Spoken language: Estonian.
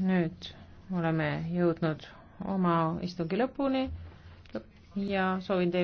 nüüd oleme jõudnud oma istungi lõpuni ja soovin teile